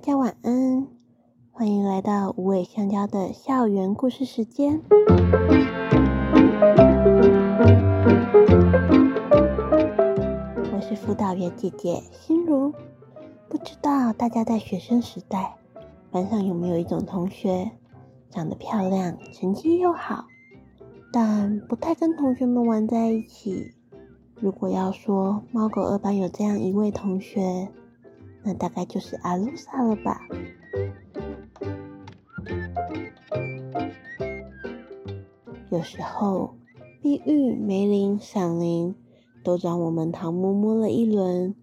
大家晚安，歡迎來到無尾香蕉的校園故事時間。我是輔導員姐姐心如，不知道大家在學生時代班上有沒有一種同學，長得漂亮，成績又好，但不太跟同學們玩在一起。如果要說貓狗二班有這樣一位同學。那大概就是阿魯沙了吧。有時候，碧玉、梅林、賞鈴都讓我們淘摸摸了一輪。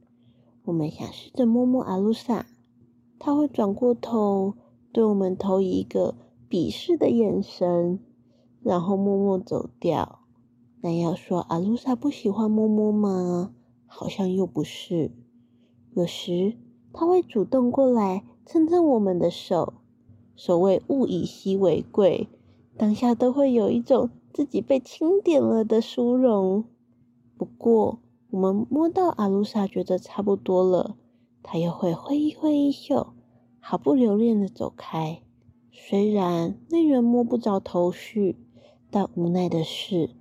我們想試着摸摸阿魯沙，她會轉過頭，對我們投以一個鄙視的眼神，然後默默走掉。但要說阿魯沙不喜歡摸摸嗎？好像又不是。有時。他會主動過來蹭蹭我們的手，所謂物以稀為貴，當下都會有一種自己被欽點了的殊榮。不過，我們摸到阿魯沙覺得差不多了，他又會揮一揮衣袖，毫不留戀的走開。雖然令人摸不着頭緒，但無奈的是，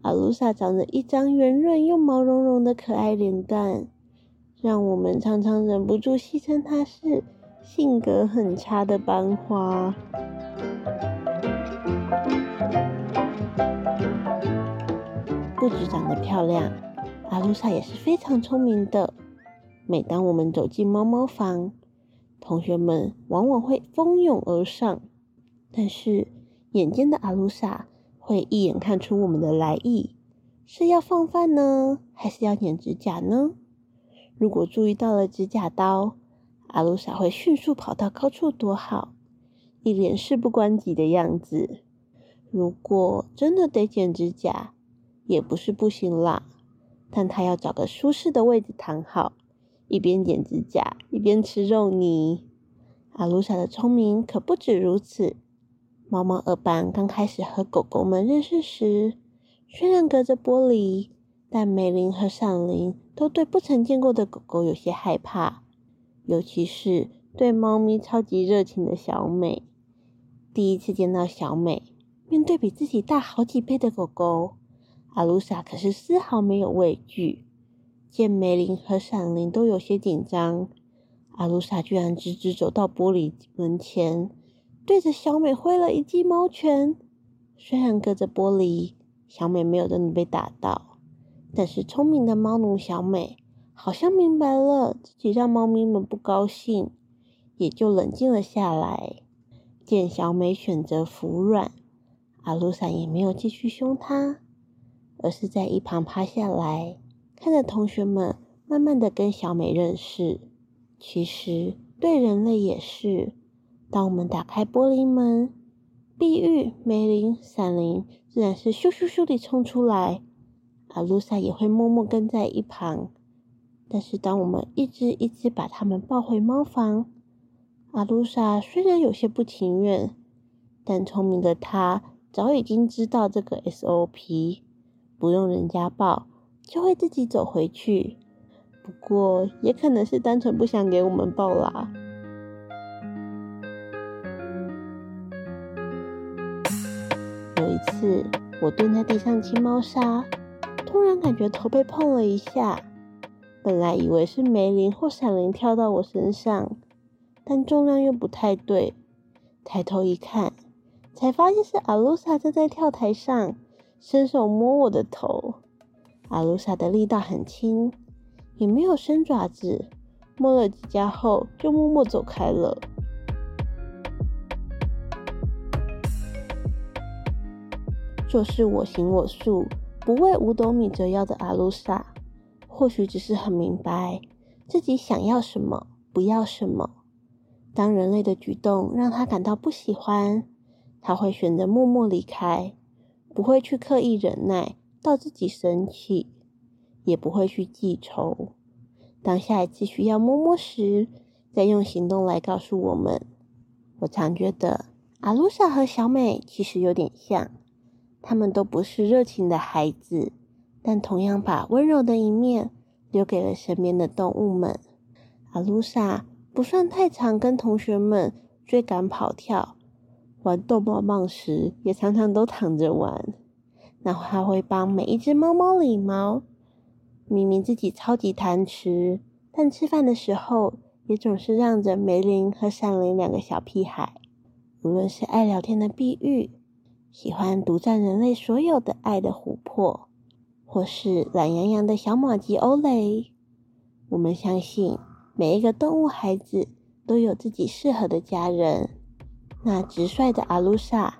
阿魯沙長着一張圓潤又毛茸茸的可愛臉蛋。讓我們常常忍不住戲稱她是性格很差的班花。不止長得漂亮，阿魯沙也是非常聰明的。每當我們走進貓貓房，同學們往往會蜂擁而上，但是眼尖的阿魯沙會一眼看出我們的來意：是要放飯呢，還是要剪指甲呢？如果注意到了指甲刀，阿魯沙會迅速跑到高處躲好，一臉事不關己的樣子。如果真的得剪指甲，也不是不行啦，但他要找個舒適的位置躺好，一邊剪指甲一邊吃肉泥。阿魯沙的聰明可不止如此。貓貓二班剛開始和狗狗們認識時，雖然隔着玻璃，但美玲和閃靈都對不曾見過的狗狗有些害怕，尤其是對貓咪超級熱情的小美。第一次見到小美，面對比自己大好幾倍的狗狗，阿魯沙可是絲毫沒有畏懼。見美玲和閃靈都有些緊張，阿魯沙居然直直走到玻璃門前，對着小美揮了一記貓拳。雖然隔着玻璃，小美沒有真的被打到。但是聰明的貓奴小美好像明白了自己讓貓咪們不高興，也就冷靜了下來。見小美選擇服軟，阿魯沙也沒有繼續凶她，而是在一旁趴下來，看着同學們慢慢的跟小美認識。其實對人類也是，當我們打開玻璃門，碧玉、梅林、閃靈自然是咻咻咻的衝出來。阿魯沙也會默默跟在一旁，但是當我們一隻一隻把他們抱回貓房，阿魯沙雖然有些不情願，但聰明的她早已經知道這個 SOP，不用人家抱就會自己走回去。不過也可能是單純不想給我們抱啦。有一次，我蹲在地上清貓砂。突然感覺頭被碰了一下，本來以為是梅林或閃靈跳到我身上，但重量又不太對。抬頭一看，才發現是阿魯沙站在跳台上，伸手摸我的頭。阿魯沙的力道很輕，也沒有伸爪子，摸了幾下後就默默走開了，做事我行我素。不為五斗米折腰的阿魯沙或許只是很明白自己想要什麼，不要什麼。當人類的舉動讓他感到不喜歡，他會選擇默默離開，不會去刻意忍耐到自己生氣，也不會去記仇。當下一次需要摸摸時，再用行動來告訴我們。我常覺得阿魯沙和小美其實有點像。他們都不是熱情的孩子，但同樣把溫柔的一面留給了身邊的動物們。阿魯沙不算太常跟同學們追趕跑跳、玩逗貓棒時，也常常都躺着玩。然後還會幫每一隻貓貓理毛。明明自己超級貪吃，但吃飯的時候也總是讓着梅林和善林兩個小屁孩。無論是愛聊天的碧玉，喜歡獨佔人類所有的愛的琥珀，或是懶洋洋的小馬吉歐蕾。我們相信每一個動物孩子都有自己適合的家人。那直率的阿魯沙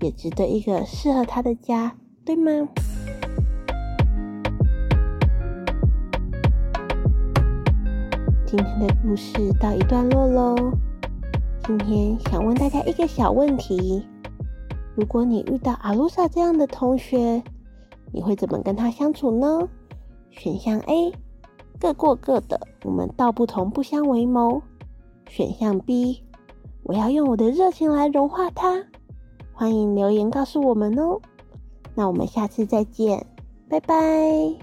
也值得一個適合他的家，對嗎？今天的故事到一段落嘍。今天想問大家一個小問題。如果你遇到阿魯沙這樣的同學，你會怎麼跟他相處呢？選項 A，各過各的，我們道不同不相為謀。選項 B，我要用我的熱情來融化它。歡迎留言告訴我們哦。那我們下次再見，拜拜。